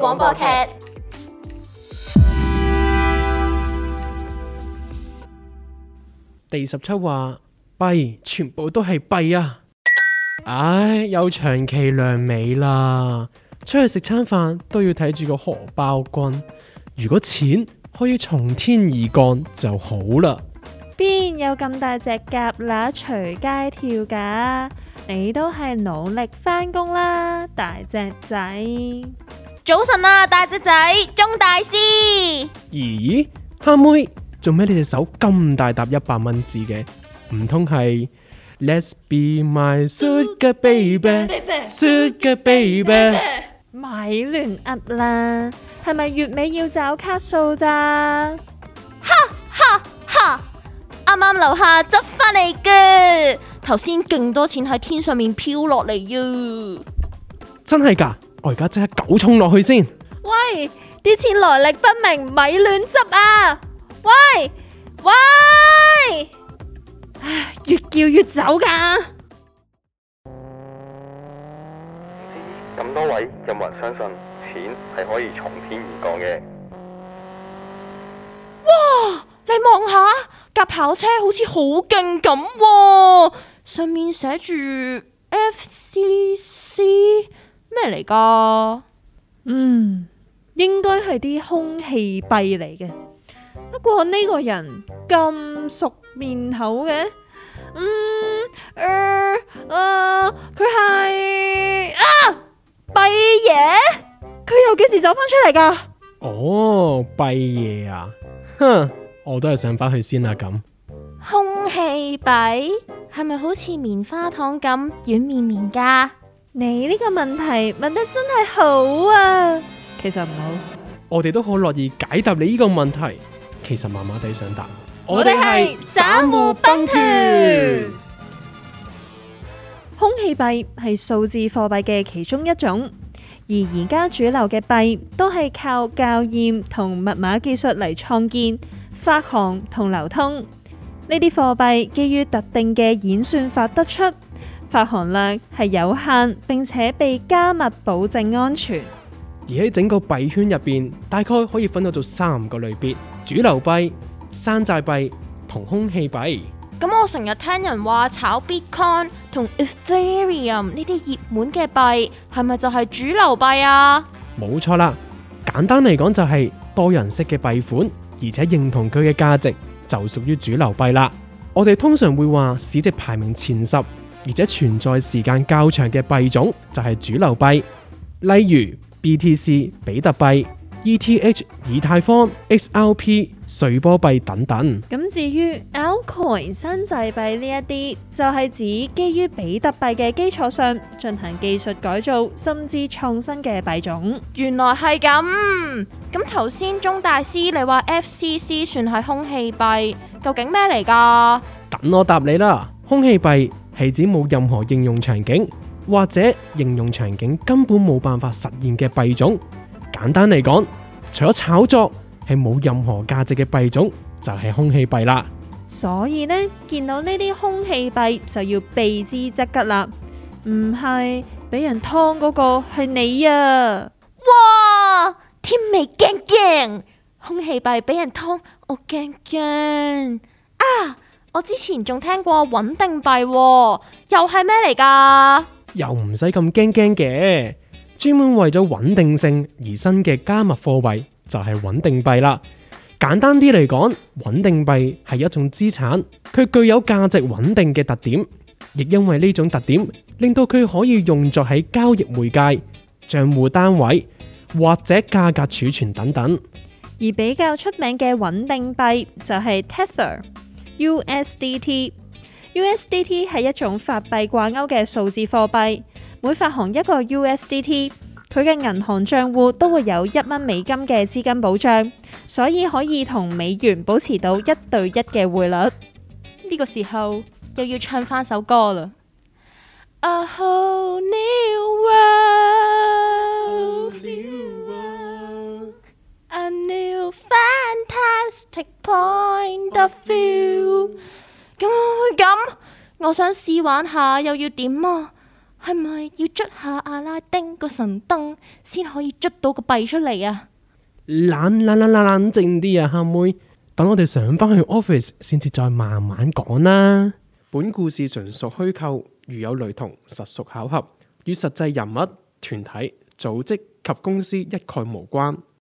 廣播劇第十七話，幣，全部都係幣啊！唉，又長期量尾啦。出去食餐飯都要睇住個荷包君。如果錢可以從天而降就好啦。邊有咁大隻蛤乸隨街跳㗎？你都係努力返工啦，大隻仔。早晨啊，大隻仔鐘大師，咦，慳妹，做咩你隻手咁大沓一百蚊紙嘅？唔通係 Let's be my sugar baby，sugar baby，, sugar, baby? 咪亂 up 啦？係咪月尾要找卡數咋？哈哈哈！啱啱樓下執翻嚟嘅，頭先勁多錢喺天上面飄落嚟呀！真係噶～我而家即刻狗衝落去先。喂，啲錢來歷不明，咪亂執啊！喂喂，唉，越叫越走噶。咁多位有冇人相信錢係可以從天而降嘅？哇！你望下架跑車，好似好勁咁，上面寫住 FCC。咩嚟噶？嗯，應該係啲空氣幣嚟嘅。不過呢個人咁熟面口嘅，嗯，佢、呃、係、呃、啊，幣爺，佢又幾時走返出嚟噶？哦，幣爺啊，哼，我都係上返去先啦。咁空氣幣係咪好似棉花糖咁軟綿綿噶？你呢個問題問得真係好啊！其實唔好，我哋都好樂意解答你呢個問題。其實麻麻地想答，我哋係散戶乓團。空氣幣係數字貨幣嘅其中一種，而而家主流嘅幣都係靠校驗同密碼技術嚟創建、發行同流通。呢啲貨幣基於特定嘅演算法得出。發行量係有限，並且被加密，保證安全。而喺整個幣圈入邊，大概可以分到做三個類別：主流幣、山寨幣同空氣幣。咁我成日聽人話炒 Bitcoin 同 Ethereum 呢啲熱門嘅幣，係咪就係主流幣啊？冇錯啦。簡單嚟講，就係多人識嘅幣款，而且認同佢嘅價值，就屬於主流幣啦。我哋通常會話市值排名前十，而且存在時間較長嘅幣種就係主流幣，例如 BTC 比特幣、ETH 以太坊、XRP 瑞波幣等等。咁至於 Altcoin 新製幣呢一啲，就係、是、指基於比特幣嘅基礎上進行技術改造，甚至創新嘅幣種。原來係咁。咁頭先鍾大師你話 FCC 算係空氣幣，究竟咩嚟噶？等我答你啦，空氣幣。係指冇任何應用場景，或者應用場景根本冇辦法實現嘅幣種。簡單嚟講，除咗炒作係冇任何價值嘅幣種，就係空氣幣啦。所以呢，見到呢啲空氣幣就要避之則吉啦。唔係俾人劏嗰個係你呀、啊？哇，天未驚驚，空氣幣俾人劏，我驚驚啊！我之前仲聽過穩定幣，又係咩嚟㗎？又唔使咁驚驚嘅，專門為咗穩定性而生嘅加密貨幣就係穩定幣啦。簡單啲嚟講，穩定幣係一種資產，佢具有價值穩定嘅特點，亦因為呢種特點令到佢可以用作喺交易媒介、賬戶單位或者價格儲存等等。而比較出名嘅穩定幣就係 Tether。USDT，USDT 係一種法幣掛鈎嘅數字貨幣。每發行一個 USDT，佢嘅銀行帳戶都會有一蚊美金嘅資金保障，所以可以同美元保持到一對一嘅匯率。呢個時候又要唱翻首歌啦。我想試玩下，又要點啊？係咪要捽下阿拉丁個神燈先可以捽到個幣出嚟啊？冷冷冷冷靜啲啊，慳妹，等我哋上返去 office 先至再慢慢講啦。本故事純屬虛構，如有雷同，實屬巧合，與實際人物、團體、組織及公司一概無關。